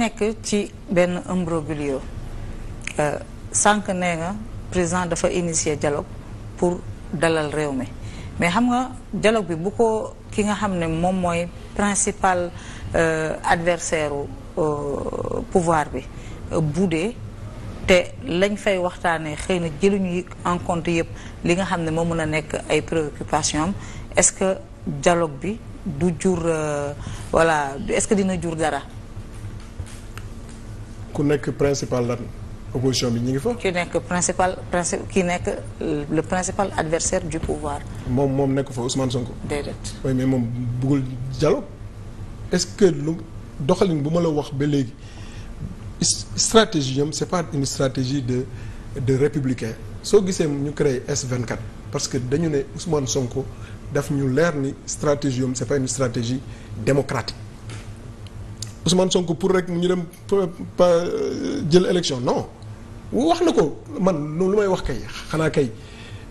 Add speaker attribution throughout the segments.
Speaker 1: nekk ci benn imbroglio euh, sànq nee nga président dafa initier dialogue pour dalal réew mi mais xam nga dialogue bi bu ko ki nga xam ne moom mooy principal euh, adversaire u euh, pouvoir bi buudee te lañ fay waxtaanee xëy na jëluñu en compte yëpp li nga xam ne moo mën a nekk ay préoccupations am est-ce que dialogue bi du jur voilà est-ce que dina jur dara
Speaker 2: ku nekk principal lan opposition bi ñu ngi fa. ku
Speaker 1: nekk principal
Speaker 2: princi ki nekk le principal adversaire du pouvoir. moom moom nekk fa Ousmane Sonko. déedéet oui mais moom bëggul dialogue est-ce que lu doxalin bu ma la wax ba léegi stratégie yam c'est pas une stratégie de de républicain soo gisee ñu créé S24 parce que dañu ne Ousmane Sonko daf ñu leer ni stratégie yam c'est pas une stratégie démocratique. man sonk pour rek ñu dem jël élection non wax na ko man lu may wax kay xanaa kay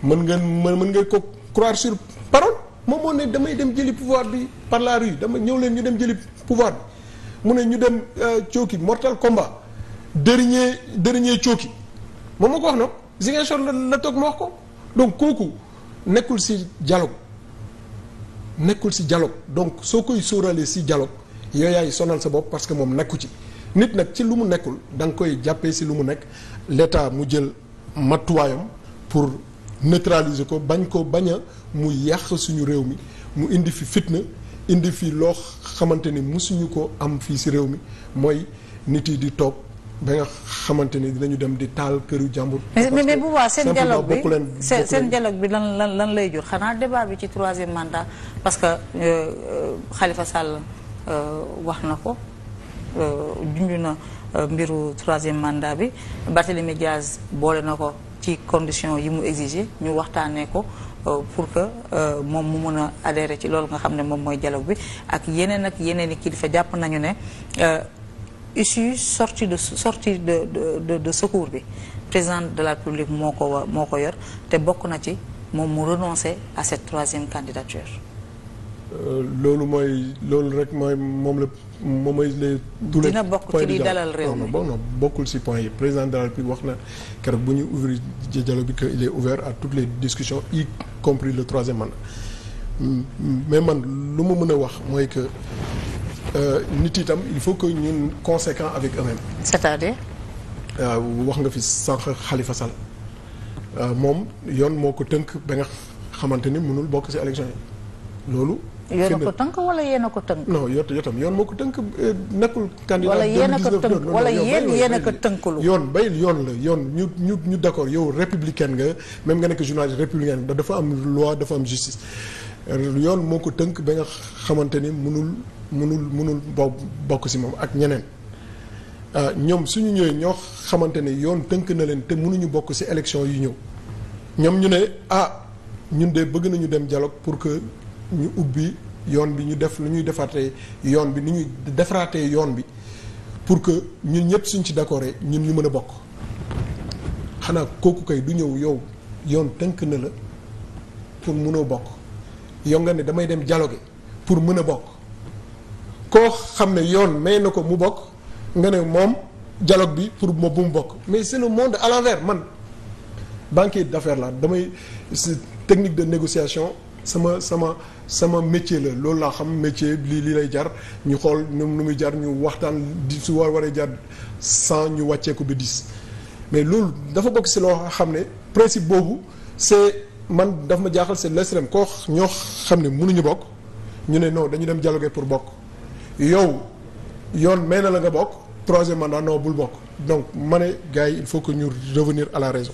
Speaker 2: mën nga mën nga ko croire sur parole moom moo ne damay dem jëli pouvoir bi par la rue dama ñëw leen ñu dem jëli pouvoir bi mu ne ñu dem cooki euh, mortal combat dernier dernier cooki moom moo ko wax na Ziguinchor la la toog ma wax ko donc kooku nekkul si dialogue nekkul si dialogue donc soo koy sóoraale si dialogue yow yaay sonal sa bopp parce que moom nekku ci nit nag ci lu mu nekkul danga koy jàppee si lu mu nekk l'état mu jël matuwaayam pour neutraliser ko bañ ko bañ a mu yàq suñu réew mi mu indi fi fitna indi fi loo xamante ni musuñu ko am fii si réew mi mooy nit yi di toog ba nga xamante ni dinañu dem di taal këru jàmbur. mais mais bu boobaa seen dialogue bi seen
Speaker 1: dialogue bi lan lan lan lay jur xanaa débat bi ci troisième mandat parce que euh, euh, Khalifa Sall. Euh, wax na ko euh, junj na euh, mbiru troisième mandat bi Barthélemy Diaz boole na ko ci condition yi mu exiger ñu waxtaanee ko pour que moom mu mën a adhérer ci loolu nga xam ne moom mooy dialogue bi ak yeneen ak yeneen i kilifa jàpp nañu ne issue sorti de sortie de de de secours bi président de la République moo ko moo ko yor te bokk na ci moom mu renoncer à cette troisième candidature
Speaker 2: Euh, loolu mooy loolu rek mooy moom la moom mooy les. tous les points dina bokk ci dalal réew mi bokkul si point yi président de la wax na keroog bu ñu ouvrir dialogue bi que il est ouvert à toutes les discussions y compris le troisième man mm, mais man lu ma mën a wax mooy que euh, nit itam il faut que ñu conséquent avec eux mêmes euh, wax nga fi sànq Khalifa Sall moom yoon moo ko tënk ba nga xamante ni mënul bokk si élection yi loolu. yéen a ko
Speaker 1: tënk wala yéen a ko tënk.
Speaker 2: non yo itam yoon moo ko tënk eh, nekkul. candidat wala yéen a ko tënk wala yéen a ko tënkalu. ñu ñu ñu d' accord yow républicain nga même nga nekk journaliste républicain dafa am loi dafa am justice. yoon moo ko tënk ba nga xamante ni mënul mënul mënul bokk si moom ak ñeneen. Ah, ñoom suñu ñëwee ñoo xamante ne yoon tënk na leen te mënuñu bokk si élection yu ñëw ñoom ñu ne ah ñun de bëgg nañu dem dialogue pour que ñu ubbi yoon bi ñu def lu ñuy defaatee yoon bi ni ñuy defaraate yoon bi pour que ñun ñëpp suñ ci d'accord ñun ñu mën a bokk xanaa kooku kay du ñëw yow yoon tënk na la pour mënoo bokk yow nga ne damay dem dialoguer pour mën a bokk koo xam ne yoon may na ko mu bokk nga ne moom dialogue bi pour ma bu mu bokk mais c'est le monde à l'envers man banquier d'affaires la damay technique de négociation sama sama sama métier la loolu laa xam métier li li lay jar ñu xool nu muy jar ñu waxtaan di su war waree jar cent ñu wàcceeku bi ba mais loolu dafa bokk si loo xam ne principe boobu c'est man daf ma jaaxal c'est l'extrême koo ñoo xam ne mënuñu bokk ñu ne non dañu dem dialoguer pour bokk yow yoon may na la nga bokk troisième mandat non bul bokk donc ma ne yi il faut que ñu revenir à la raison